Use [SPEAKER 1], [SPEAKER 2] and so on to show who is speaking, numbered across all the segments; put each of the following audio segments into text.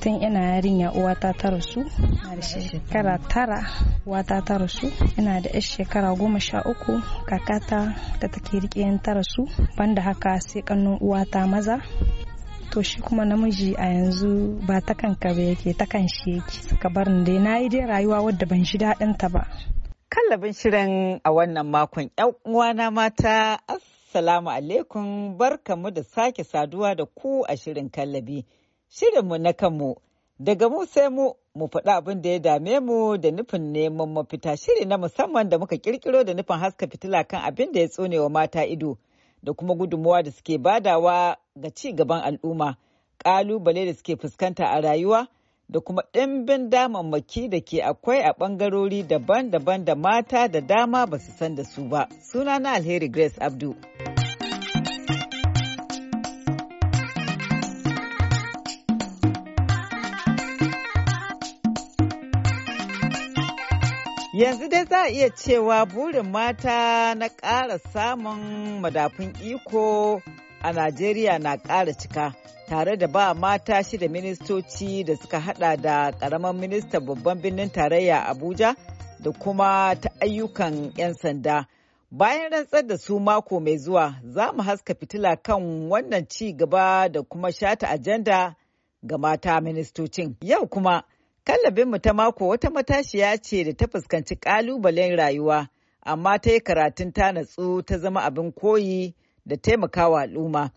[SPEAKER 1] tun ina yarinya uwata ta rasu na da shekara tara uwata ta rasu ina da yar shekara goma sha uku kakata da take rike ta rasu banda haka sai kannun uwata maza to shi kuma namiji a yanzu ba ta kanka ba yake ta kan shi yake suka bar ni dai na yi dai rayuwa wadda ban shi daɗin ta ba
[SPEAKER 2] kallabin shirin a wannan makon yan na mata assalamu alaikum barkamu da sake saduwa da ku a shirin kallabi shirinmu na kanmu daga mu sai mu mu faɗi abin da ya dame mu da nufin neman mafita shiri na musamman da muka kirkiro da nufin haska fitila kan abin da ya tsonewa mata ido da kuma gudunmuwa da suke badawa ga ci gaban al'umma ƙalubale da suke fuskanta a rayuwa da kuma ɗimbin damammaki da ke akwai a ɓangarori daban-daban da mata da dama ba su san da su ba. Suna na Alheri Grace Abdu. Yanzu dai za a iya cewa burin mata na ƙara samun madafun iko a Najeriya na ƙara cika tare da ba mata shida ministoci da suka hada da ƙaramin ministan babban birnin tarayya Abuja da kuma ta ayyukan 'yan sanda. Bayan rantsar da su mako mai zuwa za mu haska fitila kan wannan ci gaba da kuma shata ajanda ga mata ministocin. Yau kuma kallabinmu ta mako wata matashiya ce da ta fuskanci ƙalubalen rayuwa amma ta yi karatun ta natsu ta zama abin koyi. da taimakawa al'umma.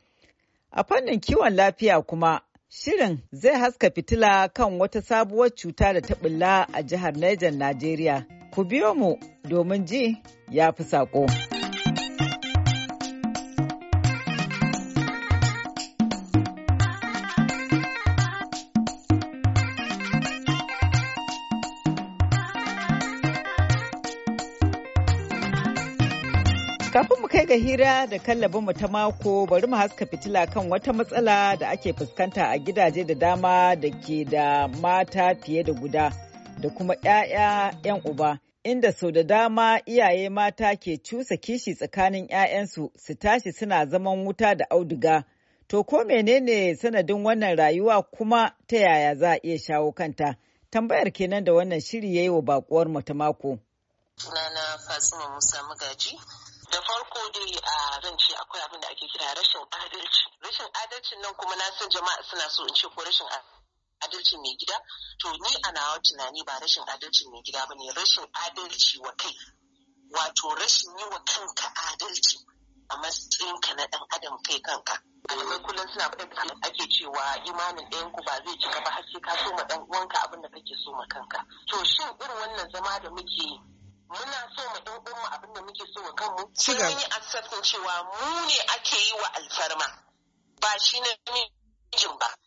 [SPEAKER 2] A fannin kiwon lafiya kuma, shirin zai haska fitila kan wata sabuwar cuta da ta a jihar Niger, Najeriya. Ku biyo mu domin ji ya fi saƙo. buɗe hira da kallabinmu ta mako bari mu haska fitila kan wata matsala da ake fuskanta a gidaje da dama da ke da mata fiye da guda da kuma 'ya'ya 'yan uba. Inda sau da dama iyaye mata ke cusa kishi tsakanin 'ya'yansu su tashi suna zaman wuta da auduga. To ko menene sanadin wannan rayuwa kuma ta yaya za a iya shawo kanta? Tambayar kenan da wannan shiri ya yi wa bakuwar mu ta mako.
[SPEAKER 3] Sunana Fatima Musa Magaji, da farko dai a zan ce akwai abin da ake kira rashin adalci rashin adalcin nan kuma na san jama'a suna so in ce ko rashin adalci mai gida to ni a nawa tunani ba rashin adalci mai gida ba ne rashin adalci wa kai wato rashin yi wa kanka adalci a matsayin ka na ɗan adam kai kanka alamai kullum suna faɗin da ake cewa imanin ɗayan ku ba zai cika ba har sai ka so ma dan uwanka abin da kake so ma kanka to shin irin wannan zama da muke muna so mu ɗan ɗan mu abin da muke so wa kanmu Sun yi accepting cewa mu ne ake yi wa alfarma ba shi ne mijin ba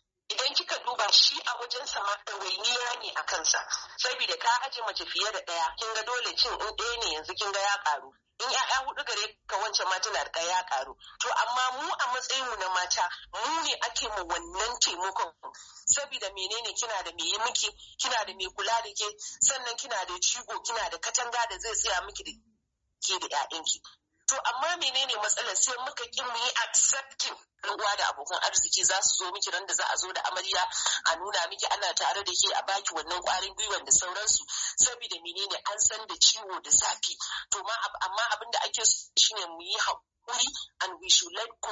[SPEAKER 3] kika duba shi a wajen sama ɗawainiya ne a kansa saboda ka aje mace fiye da ɗaya kin ga dole cin in ɗaya ne yanzu kin ga ya ƙaru in ya'ya hudu gare ka wancan ma tana da ya ƙaru. to amma mu a matsayin na mata mu ne ake mu wannan taimakon saboda menene kina da me yi miki kina da me kula da ke sannan kina da jigo kina da katanga da zai tsaya miki da ke da 'ya'yanki to amma menene matsalar sai muka ki mu yi accepting yan uwa da abokan arziki za su zo miki ran da za a zo da amarya a nuna miki ana tare da ke a baki wannan kwarin gwiwan da sauransu saboda menene an san da ciwo da zafi to amma abin da ake shine mu yi haƙuri and we should let go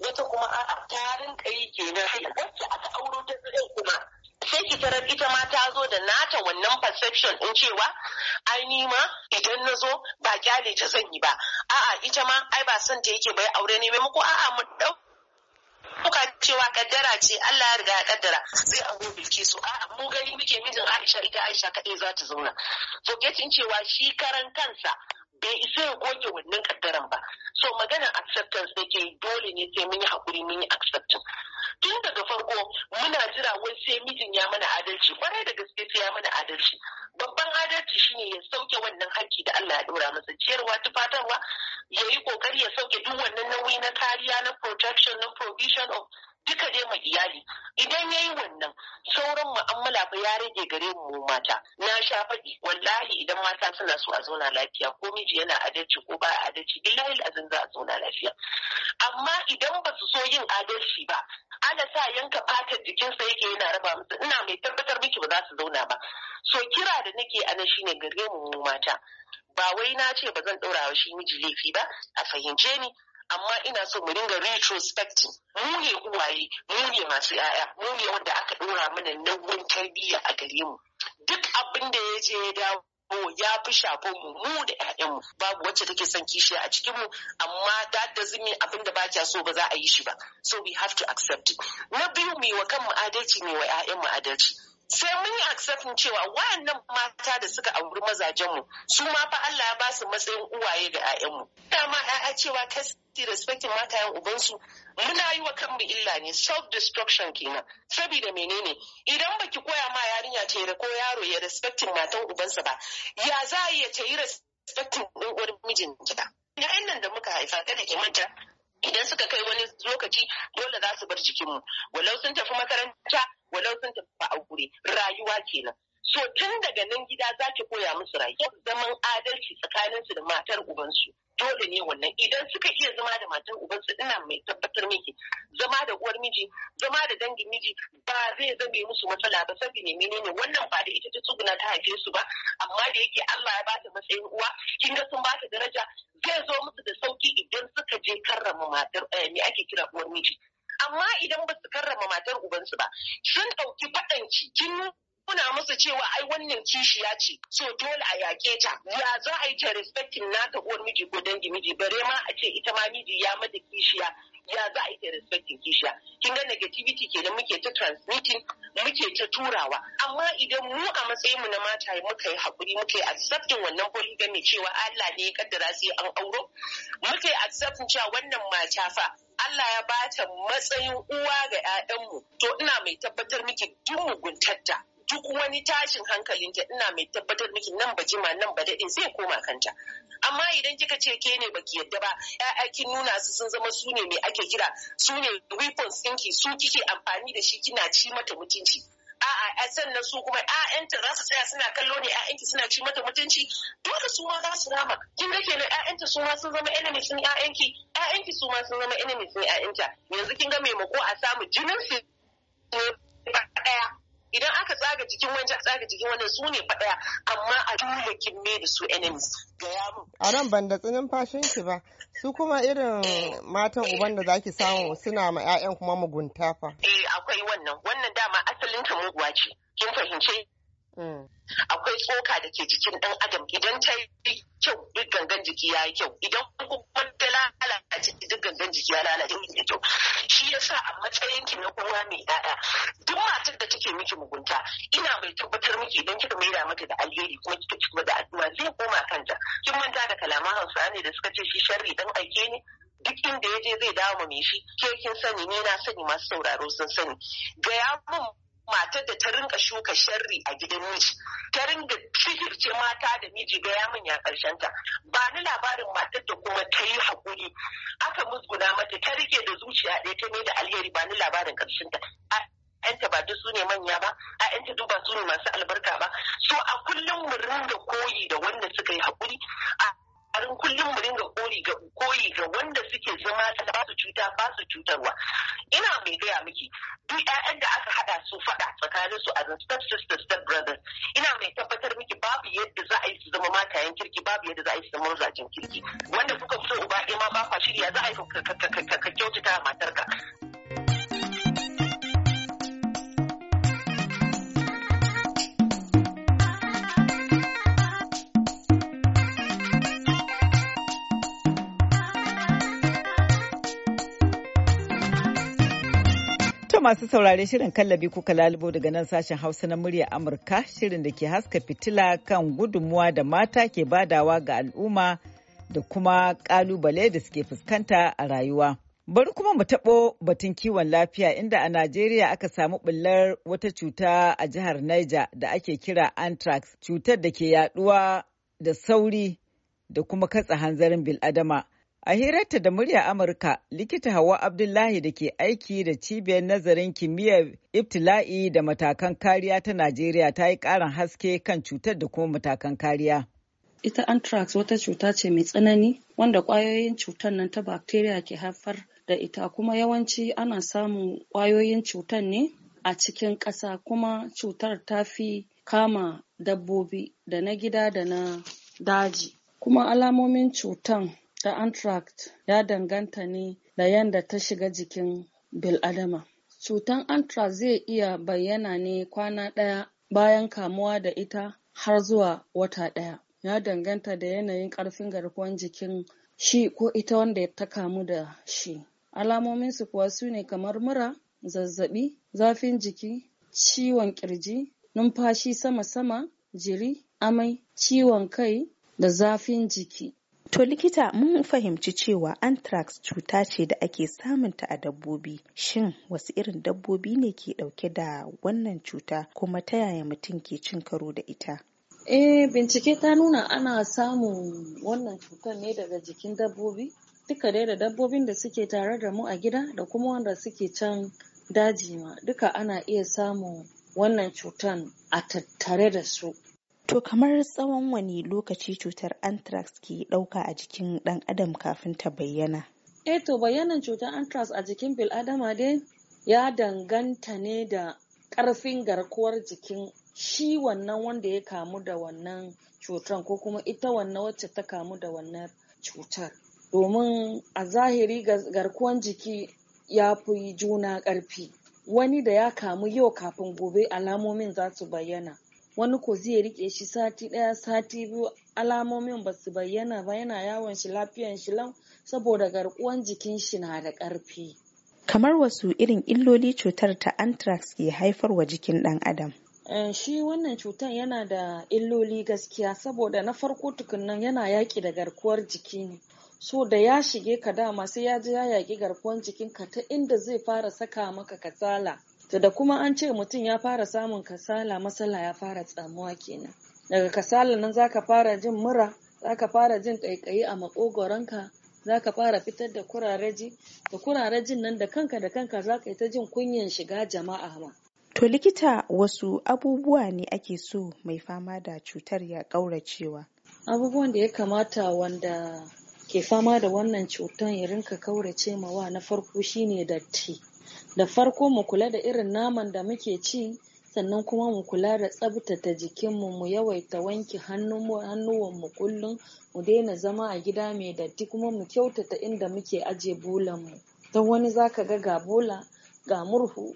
[SPEAKER 3] wata kuma a tarin kai kenan wacce aka auro ta kuma sai ki tarar ita ma ta zo da nata wannan perception in cewa ai ni ma idan na zo ba kyale ta zanyi ba a'a ita ma ai ba son ta yake bai aure ne maimako a'a mu dau kuka cewa kaddara ce Allah ya riga ya kaddara zai abu ke su a mu gani muke mijin Aisha ita Aisha kaɗai za ta zauna forgetting cewa shi karan kansa bai isa ya goge wannan kaddaran ba so maganar acceptance da ke dole ne sai mun yi hakuri mun yi acceptance tun daga farko muna jira wai sai mijin ya mana adalci kwarai da gaske sai ya mana adalci babban adalci shine ya sauke wannan hakki da Allah ya dora masa ciyarwa tufatarwa ya yi kokari ya sauke duk wannan nauyi na kariya na protection na provision of duka dai ma iyali idan yayi wannan sauran mu'amala fa ya rage gare mu mata na sha faɗi wallahi idan mata suna so a zauna lafiya ko miji yana adalci ko ba adalci billahi azin za a zauna lafiya amma idan ba su so yin adalci ba ana sa yanka fatar jikinsa yake yana raba musu ina mai tabbatar miki ba za su zauna ba so kira da nake ana shine gare mu mata ba wai na ce ba zan ɗora wa shi miji laifi ba a fahimce ni amma ina so mu dinga retrospecting mu ne uwaye mu ne masu yaya mu ne wanda aka dora mana nauyin tarbiyya a gare mu duk abin da ya je ya dawo ya fi shafo mu mu da ƴaƴanmu babu wacce take son kishiya a cikin mu amma da da zumi abin da ba kya so ba za a yi shi ba so we have to accept it na biyu mu wa kanmu adalci ne wa ƴaƴanmu adalci sai mun yi accepting cewa wayannan mata da suka auri mazajenmu su ma fa Allah ya ba su matsayin uwaye ga 'ya'yanmu dama 'ya'ya cewa kasi respecting matayen ubansu muna yi wa kanmu illa ne self destruction kenan saboda menene idan baki koya ma yarinya ta ce ko yaro ya respecting matan ubansa ba ya za ya ta yi respecting din uwar mijinta ya'yan nan da muka haifa kada ki manta idan suka kai wani lokaci dole za su bar jikinmu walau sun tafi makaranta walau sun tafi aure rayuwa kenan so tun daga nan gida za ki koya musu rayuwa zaman adalci tsakaninsu da matar ubansu dole ne wannan idan suka iya zama da matar ubansu ina mai tabbatar miki zama da uwar miji zama da dangin miji ba zai zame musu matsala ba saboda menene wannan ba da ita ta tsuguna ta haife su ba amma da yake Allah ya bata matsayin uwa kin ga sun bata daraja zai zo musu da sauki idan suka je karrama matar eh, me ake kira uwar miji amma idan ba su karrama matar ubansu ba sun ɗauki faɗan kin nuna musu cewa ai wannan kishiya ce so dole a yaƙe ta ya za a yi ta respecting naka uwar miji ko dangi miji bare ma a ce ita ma miji ya mata kishiya ya za a yi ta respecting kishiya kin ga negativity kenan muke ta transmitting muke ta turawa amma idan mu a matsayin mu na mata muka yi hakuri muka yi accepting wannan polygamy cewa Allah ne ya kaddara sai an auro muka yi accepting cewa wannan mata fa Allah ya bata matsayin uwa ga 'ya'yanmu to ina mai tabbatar miki duk muguntarta duk wani tashin hankalin ta ina mai tabbatar miki nan ba jima nan ba daɗe zai koma kanta amma idan kika ce ke ne baki yadda ba ya'ya kin nuna su sun zama su ne mai ake kira su ne weapons ɗinki su kike amfani da shi kina ci mata mutunci a'a sannan su kuma 'ya'yanta za su tsaya suna kallo ne 'ya'yanki suna ci mata mutunci dole su ma za su rama kin ga kenan ‘ya’yanta su ma sun zama enemy sun 'ya'yanki? 'ya'yanki su ma sun zama enemy sun 'ya'yanta? yanzu kin ga maimako a samu jinin su ne ɗaya idan aka tsaga jikin wancan tsaga jikin wannan su ne faɗaya amma a dole kin me da su enemies ga
[SPEAKER 4] yaro a nan ban da tsinin fashin ki ba su kuma irin eh. matan uban da zaki samu suna ma 'ya'yan kuma mugunta fa
[SPEAKER 3] eh akwai wannan wannan dama asalin ta muguwa ce kin fahimce Mm. Akwai tsoka da ke jikin dan adam idan ta yi kyau duk gangan jiki ya yi kyau idan kuma ta lalace duk gangan jiki ya lalace da kyau shi yasa a matsayin ki na kowa mai ɗaya duk matar da take miki mugunta ina mai tabbatar miki idan kika maida mata da alheri kuma kika ci da addu'a zai koma kanta kin manta da kalaman Hausa ne da suka ce shi sharri dan aike ne duk inda ya je zai dawo ma mai shi ke kin sani ne na sani masu sauraro sun sani gaya mun matar da ta rinka shuka sharri a gidan miji ta rinka sihirce mata da miji gaya yamin ya karshen ta ba ni labarin matar da kuma ta yi hakuri aka musguna mata ta rike da zuciya ɗaya ta mai da alheri ba ni labarin karshen ta ba duk su ne manya ba a yanta duk ba su ne masu albarka ba so a kullum mu ringa koyi da wanda suka yi hakuri a kullum mu ringa koyi ga wanda suke zama ta ba su cuta ba su cutarwa ina mai gaya miki duk ƴaƴan da aka su faɗa tsakanin su as step sisters step brothers ina mai tabbatar miki babu yadda za a yi su zama matayen kirki babu yadda za a yi su zama mazajen kirki wanda kuka so uba ma ba kwa shirya za a yi ka kyautata matarka
[SPEAKER 2] masu saurare shirin kallabi kuka lalubo daga nan sashen hausa na murya amurka shirin da ke haska fitila kan gudunmuwa da mata ke badawa ga al'umma da kuma kalubale da suke fuskanta a rayuwa bari kuma mu taɓo batun kiwon lafiya inda a najeriya aka samu ɓullar wata cuta a jihar niger da ake kira anthrax cutar da ke yaduwa da sauri da kuma katsa hanzarin bil'adama A hirarta da murya Amurka, likita Hawa Abdullahi da ke aiki da cibiyar nazarin kimiyyar ibtila'i da matakan kariya ta Najeriya ta yi ƙarin haske kan cutar da kuma matakan kariya. Ita anthrax wata cuta ce mai tsanani wanda ƙwayoyin cutar
[SPEAKER 5] nan ta bacteria ke haifar da ita kuma yawanci ana samun ƙwayoyin cutar ne a cikin ƙasa kuma cutar ta fi kama dabbobi da na gida da na daji. Kuma alamomin cutar. ta anthrax ya danganta ne da yadda ta shiga jikin bil'adama. Cutan anthrax zai iya bayyana ne kwana ɗaya bayan kamuwa da ita har zuwa wata ɗaya. Ya danganta da yanayin ƙarfin garkuwan jikin shi ko ita wanda ta kamu da shi. Alamominsu kuwa su ne kamar mura, zazzaɓi, zafin jiki, ciwon ƙirji, numfashi sama-sama, jiri,
[SPEAKER 6] amai, ciwon kai da zafin jiki. To likita mun fahimci cewa anthrax cuta ce da ake samunta a dabbobi. Shin wasu irin dabbobi ne ke dauke da wannan cuta kuma ta yaya mutum ke cin karo da ita?
[SPEAKER 2] Eh
[SPEAKER 5] bincike ta nuna ana samun wannan cutar ne daga jikin dabbobi, duka dai da dabbobin da suke tare da mu a gida da kuma wanda suke can daji ma duka
[SPEAKER 6] ana iya samun wannan cutan a tattare da su. To kamar tsawon wani lokaci cutar anthrax ke ɗauka a jikin ɗan adam kafin ta bayyana?
[SPEAKER 5] Eh to bayanan cutar anthrax a jikin bil'adama dai ya danganta ne da ƙarfin garkuwar jikin shi wannan wanda ya kamu da wannan cutar ko kuma ita wannan wacce ta kamu da wannan cutar. Domin a zahiri garkuwan jiki ya fi juna ƙarfi. Wani da ya kamu yau kafin gobe alamomin za su bayyana. wani ko zai rike shi sati ɗaya sati biyu alamomin ba su bayyana ba yana yawon shi lafiyan shi lam saboda garkuwan jikin shi na da karfi
[SPEAKER 6] kamar wasu irin illoli cutar ta anthrax ke haifarwa jikin ɗan adam
[SPEAKER 5] eh, shi wannan cutar yana da illoli gaskiya saboda na farko tukunnan yana yaki da garkuwar jiki ne so da ya shige ka dama sai ya ji ya yaƙi garkuwar ka ta inda zai fara saka maka kasala to da kuma an ce mutum ya fara samun kasala masala ya fara tsamuwa kenan daga kasala nan zaka fara jin mura zaka fara jin ƙaiƙayi a za zaka fara fitar da kurareji da kurarejin nan da kanka da kanka zaka yi ta jin kunyan shiga jama'a ma
[SPEAKER 6] to likita wasu abubuwa ne ake so mai fama da cutar ya cewa. abubuwan da ya kamata
[SPEAKER 5] wanda
[SPEAKER 6] ke fama da wannan cutar
[SPEAKER 5] ya rinka kaurace mawa na farko shine datti da farko mu kula da irin naman da muke ci sannan kuma mu kula da tsabtata jikinmu mu yawaita wanke hannuwanmu kullum mu daina zama a gida mai datti kuma mu kyautata inda muke aje bulanmu don wani zaka ga ga bola ga murhu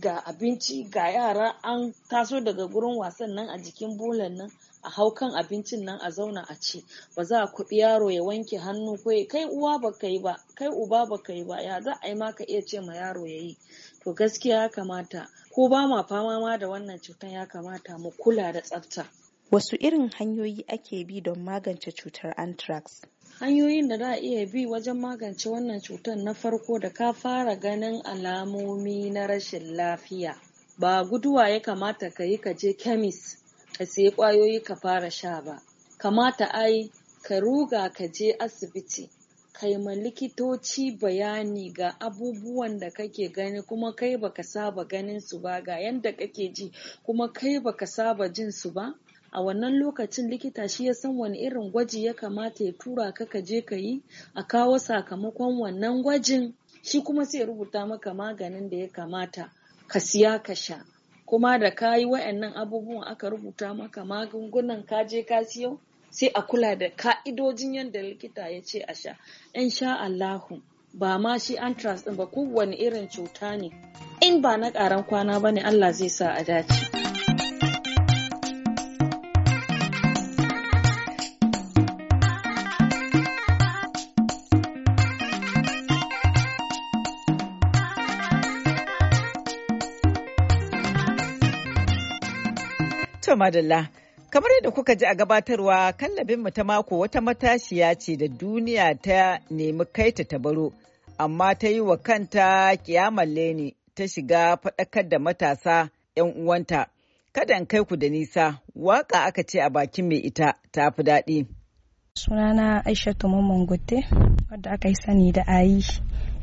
[SPEAKER 5] ga abinci ga yara an taso daga gurin wasan nan a jikin bulan nan a hau kan abincin nan a zauna a ci ba za a kuɗi yaro ya wanke hannu ko kai uwa ba ka yi ba kai uba ba ka yi ba ya za a yi ma ka iya ce ma yaro ya yi to gaskiya ya kamata ko ba ma fama ma da wannan cutar ya kamata mu kula da tsafta
[SPEAKER 6] wasu irin hanyoyi ake bi don magance cutar anthrax
[SPEAKER 5] hanyoyin da za a iya bi wajen magance wannan cutar na farko da ka fara ganin alamomi na rashin lafiya ba guduwa ya kamata ka yi ka je kemis ka sayi ƙwayoyi ka fara sha ba kamata ai ka ruga ka je asibiti kai ma likitoci bayani ga abubuwan da kake gani kuma kai baka saba ganin su ba ga yanda kake ji kuma kai baka saba jin su ba a wannan lokacin likita shi ya san wani irin gwaji ya kamata ya tura ka ka je ka yi a kawo sakamakon wannan gwajin shi kuma sai rubuta maka maganin da ya kamata ka siya ka sha kuma da ka yi wa'annan abubuwan aka rubuta maka magungunan ka je ka siyo sai a kula da ka'idojin yadda likita ya ce a sha in sha Allahu ba ma shi anthrax ɗin ba kowane irin cuta ne in ba na ƙaran kwana ba ne Allah zai sa a dace.
[SPEAKER 2] madalla. Kamar yadda kuka ji a gabatarwa kallabin mu ta mako wata matashiya ce da duniya ta nemi kaita ta baro, amma ta yi wa kanta kiyamalle ne ta shiga faɗakar da matasa 'yan uwanta. Kada in kai ku da nisa, waka aka ce a bakin mai ita ta fi daɗi.
[SPEAKER 1] Sunana Aisha Mamman gutte wadda aka yi sani da ayi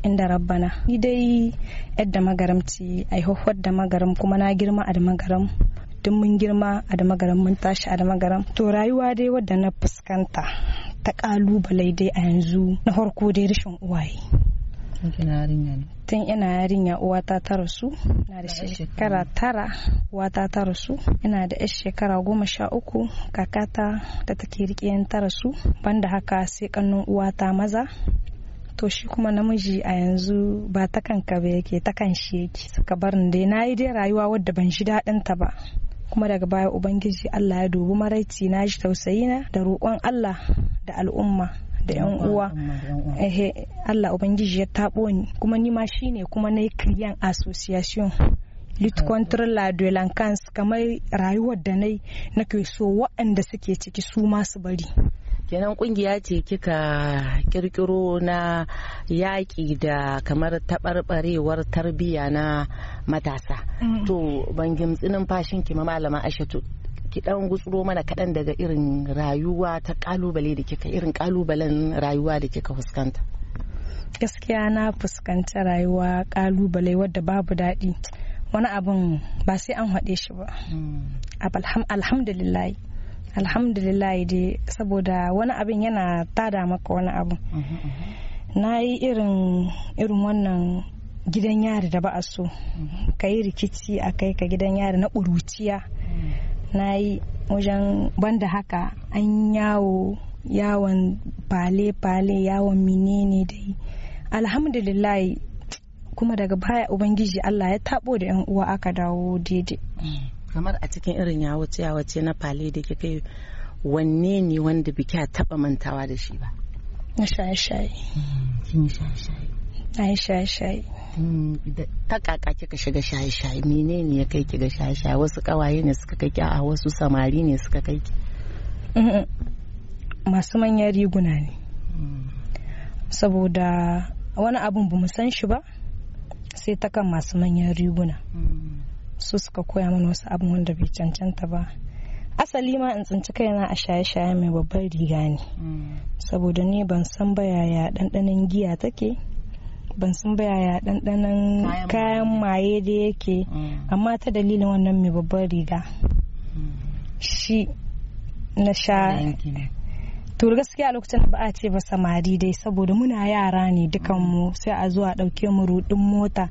[SPEAKER 1] inda rabbana. Ni dai yadda magaramci, aihuhuwar da magaram kuma na girma a da magaram. duk mun girma a da magaran mun tashi a da magaran to rayuwa dai wadda na fuskanta ta kalubale dai a yanzu na farko dai rashin uwaye tun ina yarinya uwata ta rasu na da shekara tara uwata ta rasu ina da yar shekara goma sha uku kakata da take rike yan ta rasu banda haka sai kannun uwata maza to shi kuma namiji a yanzu ba ta kanka ba yake ta kan shi yake suka bar dai na yi dai rayuwa wadda ban shi daɗin ta ba kuma daga baya ubangiji Allah ya dubi maraici na shi tausayi na da roƙon Allah da al'umma da yan uwa ehe Allah ubangiji ya taɓo ni kuma ni ma shine kuma na kiriyan association lit contre la violence kamar rayuwar da nai nake so waɗanda suke ciki su ma su bari
[SPEAKER 4] kenan kungiya ce kika kirkiro na yaƙi da kamar taɓarɓarewar tarbiyya na matasa mm. to ban gimtsi numfashin ki ma malama ashatu ki dan gutsuro mana kaɗan daga irin rayuwa ta kalubale da kika irin kalubalen rayuwa da kika fuskanta
[SPEAKER 1] gaskiya na fuskanci rayuwa kalubale wadda babu daɗi wani abun ba sai an haɗe shi ba mm. alhamdulillah alhamdulillah dai saboda wani abin yana tada maka wani abu na yi irin irin wannan gidan yari da ba a so ka yi rikici a kai ka gidan yari na ƙuruciya na yi wajen banda haka an yawo yawon fale-fale yawon menene dai alhamdulillah kuma daga baya ubangiji allah ya taɓo da 'yan uwa aka dawo daidai
[SPEAKER 4] kamar a cikin irin ya ya wuce na fale da kika yi wanne ne wanda biki a taba mantawa da shi ba
[SPEAKER 1] na shaye-shaye hmm, kin shaye-shaye na yi shaye-shaye hmm,
[SPEAKER 4] ta kaka kika shiga shaye-shaye ne ya kai ki ga shaye-shaye wasu kawaye ne suka kai ki a wasu samari ne suka kai ki
[SPEAKER 1] masu manyan riguna ne hmm. saboda wani abun ba mu san shi ba sai ta kan masu manyan riguna su suka koya mana wasu abin wanda bai cancanta ba asali ma in tsinci kaina a shaye-shaye mai babbar riga ne saboda ni ban san ba yaya ɗanɗanon giya take ban san ba yaya ɗanɗanon kayan maye da yake mm. amma ta dalilin wannan mai babbar riga shi na sha to gaskiya lokacin ba a ce ba samari dai saboda muna yara ne dukan mu sai a zuwa ɗauke mu rudin mota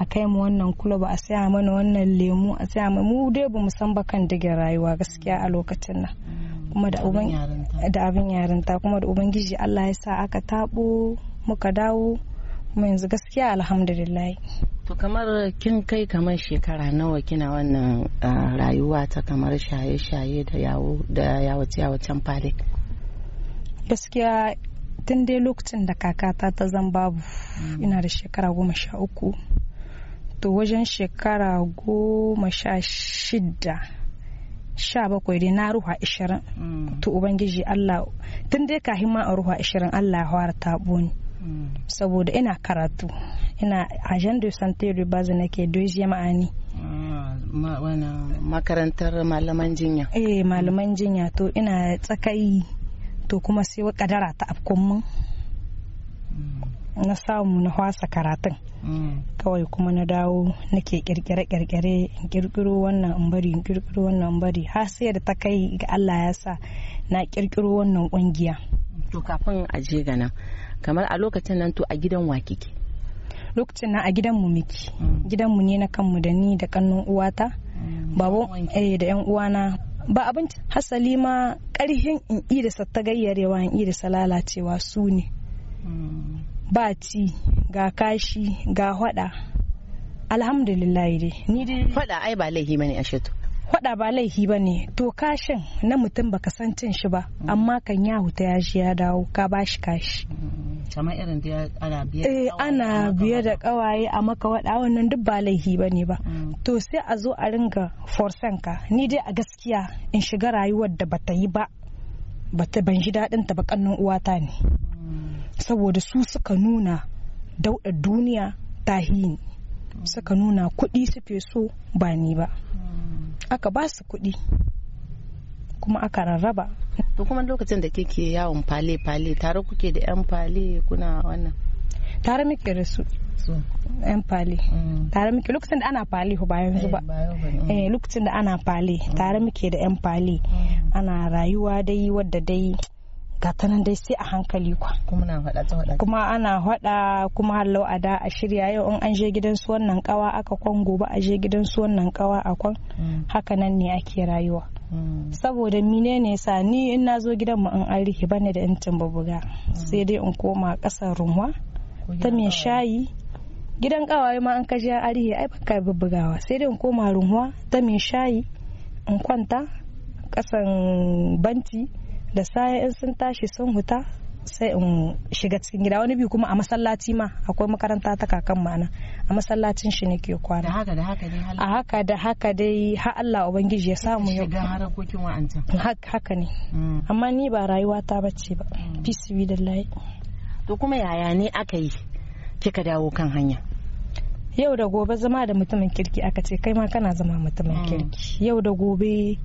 [SPEAKER 1] a kai mu wannan kulub a saya mana wannan lemu a saya mu dai ba mu san ba kan digin rayuwa gaskiya a lokacin nan kuma da Yarinta da abin yarinta kuma da ubangiji Allah ya sa aka tabo muka dawo kuma yanzu gaskiya alhamdulillah
[SPEAKER 4] to kamar kin kai kamar shekara nawa kina wannan rayuwa ta kamar shaye-shaye da yawo da yawo yawacen fare
[SPEAKER 1] gaskiya tun dai lokacin da kakata ta zan babu mm. ina da shekara goma sha uku to wajen shekara goma sha shidda sha bakwai dai na ruwa ishirin mm. to ubangiji allah tun dai kahin ma a ruwa ishirin allah ya fara taɓo ni mm. saboda ina karatu ina agent de santé de base ke doji ma'ani makarantar malaman jinya eh malaman jinya to ina tsakai to kuma sai kadara ta afkon mun mm. na samu na hwasa karatun kawai kuma na dawo nake kirkire-kirkire in kirkiro wannan in bari in kirkiro wannan bari har sai da ta kai ga Allah ya sa na kirkiro wannan kungiya
[SPEAKER 4] to kafin a je ga nan kamar a lokacin nan to a gidan wa kike
[SPEAKER 1] lokacin nan a gidan mu miki mm. gidan mu ne na kanmu da ni da kannun uwata mm. baban eh da yan uwana ba abinci hasali ma karhin in da ta gayyarewa in da lalacewa su ne mm. ba ci ga kashi ga hwada alhamdulillah dai ni dai hwada ai ba laihi bane a shetu hwada ba laihi bane to kashin na mutum baka san cin shi ba mm. amma kan ya huta ya shi ya dawo ka bashi kashi mm. kamar
[SPEAKER 4] irin da eh, ana biye eh ana
[SPEAKER 1] biye da kawaye a maka wada wannan duk ba laihi bane ba mm. to sai a zo a ringa forsan ka ni dai a gaskiya in shiga rayuwar da bata yi ba bata ban ji dadin ta ba kannin uwata ne saboda su suka nuna dauɗa duniya tahini suka nuna kuɗi suke so ba ni ba aka ba su kuɗi kuma aka
[SPEAKER 4] rarraba to kuma lokacin da kike yawon fale fale tare kuke da yan fale kuna
[SPEAKER 1] wannan tare muke da su yan fale mm. tare muke lokacin da ana fale ba yanzu eh, ba eh lokacin da ana fale tare muke da yan fale mm. ana rayuwa dai wadda dai gata nan dai sai a hankali kwa kuma ana hada kuma hallo a da a shirya yau in an je gidan su wannan kawa aka kwan gobe a je gidan su wannan kawa a kwan mm. haka nan ne ake rayuwa mm. saboda mine ne sa ni in na zo gidan mu in an rihe bane da intin babuga mm. sai dai in koma kasar rumwa ta mai shayi gidan kawaye ma an ka je rihe ai baka bubbugawa sai dai in koma rumwa ta mai shayi in kwanta kasan banti da saya in sun tashi sun huta sai in shiga cikin gida wani biyu kuma a masallaci ma akwai makaranta ta kakan mana a masallacin shi nake kwana a haka da haka dai ha Allah ubangiji ya samu yau shiga harakokin wa'anta haka ne mm. amma ni ba rayuwa ta bace ba mm. bisbi dallahi to kuma yaya ne aka yi kika dawo kan hanya yau da gobe zama da mutumin kirki aka ce kai ma kana zama mutumin mm. kirki yau da gobe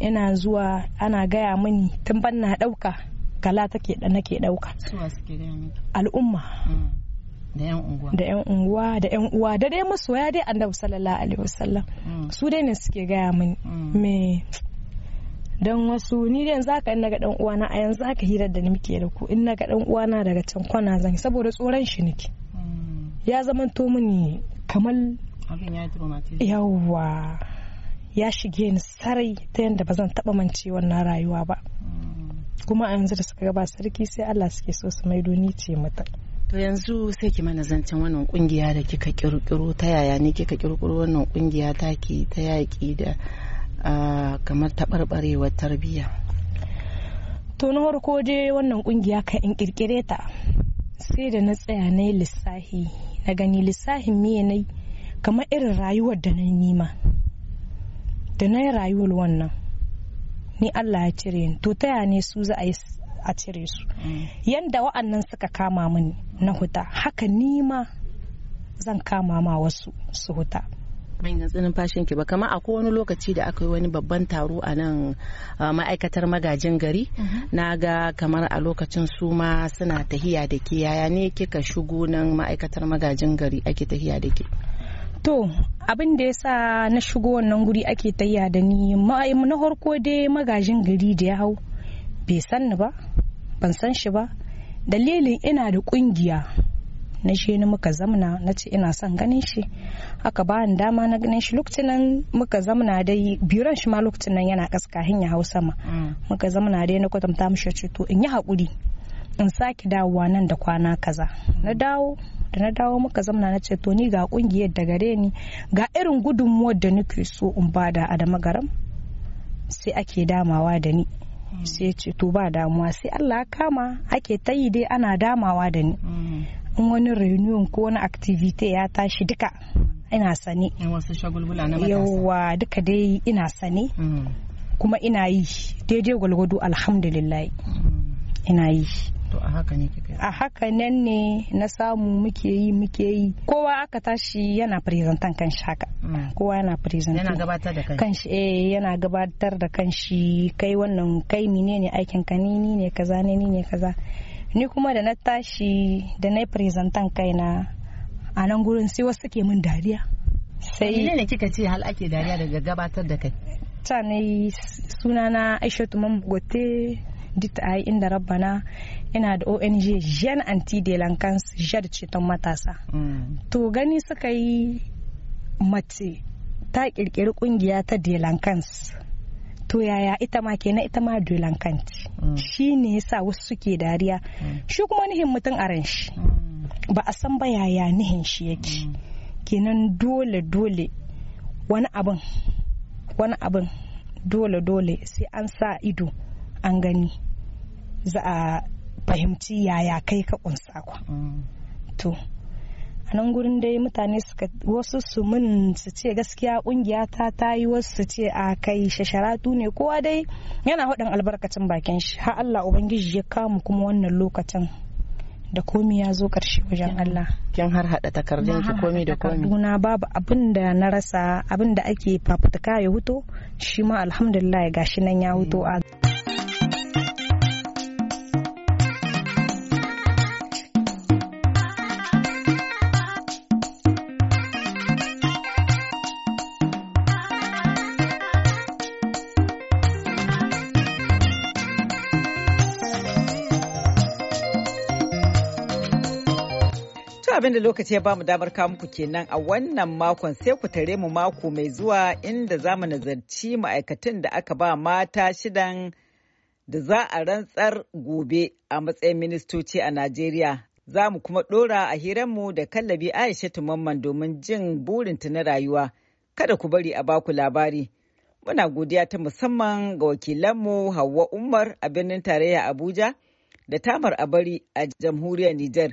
[SPEAKER 1] ina zuwa ana gaya mini tun ban na ɗauka kala take da nake ɗauka al'umma
[SPEAKER 4] mm. da yan
[SPEAKER 1] unguwa da yan uwa da dai masoya dai annabi sallallahu alaihi wasallam mm. su dai ne suke gaya mini mm. me don wasu ni yanzu zaka in naga dan uwa na a yanzu haka hirar da ni muke da ku in naga dan uwa na daga can kwana zan saboda tsoron shi nake ya zamanto mini kamar abin ya yawwa ya shige ni sarai ta yadda ba zan taɓa mance wannan rayuwa ba kuma a yanzu da suka gaba sarki sai Allah suke so su maido ni ce mata
[SPEAKER 4] to yanzu sai ki mana zancen wannan kungiya da kika kirkiro ta yaya ne kika kirkiro wannan kungiya ta ki ta yaƙi da kamar taɓarɓarewar tarbiyya
[SPEAKER 1] to na farko dai wannan kungiya ka in kirkire ta sai da na tsaya na lissahi na gani lissahin me na kamar irin rayuwar da na nima da na yi rayuwar wannan ni Allah ya cire ni to taya ne su za a a cire su yanda wa'annan suka kama mini na huta haka ni ma zan kama ma wasu su huta
[SPEAKER 4] manyan tsinin fashin ki ba kamar akwai wani lokaci da aka yi wani babban taro a nan ma'aikatar magajin gari mm-hmm. na ga kamar a lokacin su ma suna tahiya da ke yaya ne kika shigo nan ma'aikatar magajin gari ake tahiya da ke
[SPEAKER 1] To abin da ya sa na shigo wannan guri ake tayya da ni na harko dai magajin gari da ya hau bai san ni ba ban san shi ba dalilin ina da kungiya na shi ni muka zamna na ce ina son ganin shi aka ba ni dama na ganin shi lokacin nan muka zamna dai biran shi ma lokacin nan yana kaska hanya hausa ma mm. muka zamna dai na kwatanta mishi ce to in yi haƙuri in sake dawowa nan da kwana kaza na dawo da na dawo muka zamna na ce to ni ga kungiyar da gare ni ga irin gudunmuwar da nake so in bada a da magaram sai ake damawa da ni mm. sai ce to ba damuwa sai Allah kama ake ta yi dai ana damawa da ni mm. in wani reunion ko wani activity ya tashi duka ina sane yawa duka dai ina sane mm. kuma ina yi daidai gwalgwado alhamdulillah ina yi to a haka ne kika a haka nan ne na samu muke yi muke yi kowa aka tashi yana presentan kanshi haka mm. kowa yana presentan yana gabatar da kanshi eh yana gabatar da kanshi kai wannan kai menene aikin ka ni ni ne kaza ne ni ne kaza ni kuma da na tashi da na presentan kaina a nan gurin sai wasu ke min dariya sai ne kika ce hal ake dariya daga gabatar da kai ta ne sunana Aishatu Mambogote dit ai inda rabbana ina da ong jen anti delancans jar ceton matasa mm. to gani suka yi mace ta kirkiri kungiya ta delancans to yaya ita ma kenan ita ma delancanti mm. shi ne yasa wasu suke dariya mm. shi kuma nihin mutum a ran shi ba a san ba yaya nihin shi yake kenan dole dole wani abin wani abin dole dole sai an sa ido an gani za a fahimci yaya kai ka kunsa ku mm. to a nan gurin dai mutane suka wasu su mun su ce gaskiya kungiya ta ta yi wasu su ce a kai shasharatu ne kowa dai yana hudin albarkacin bakin shi har Allah ubangiji ya kamu kuma wannan lokacin da komi ya zo karshe wajen Allah kin har hada takardun ki komi da komi na babu abin da na rasa abin da ake fafutuka ya huto shi ma alhamdulillah gashi nan ya huto a mm.
[SPEAKER 2] abin da lokaci ya bamu damar kawo muku kenan a wannan makon sai ku tare mu mako mai zuwa inda za mu nazarci ma'aikatan da aka ba mata shidan da za a rantsar gobe a matsayin ministoci a Najeriya. Za mu kuma ɗora a hiranmu da kallabi Aisha tumamman domin jin burinta na rayuwa. Kada ku bari a baku labari. Muna godiya ta musamman ga wakilanmu Hauwa Umar a birnin tarayya Abuja da Tamar Abari a jamhuriyar Nijar.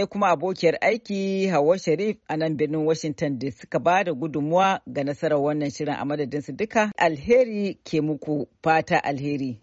[SPEAKER 2] sai kuma abokiyar aiki Hawa Sharif a nan birnin Washington da suka ba da gudunmuwa ga nasarar wannan shirin a madadinsu duka alheri ke muku fata alheri.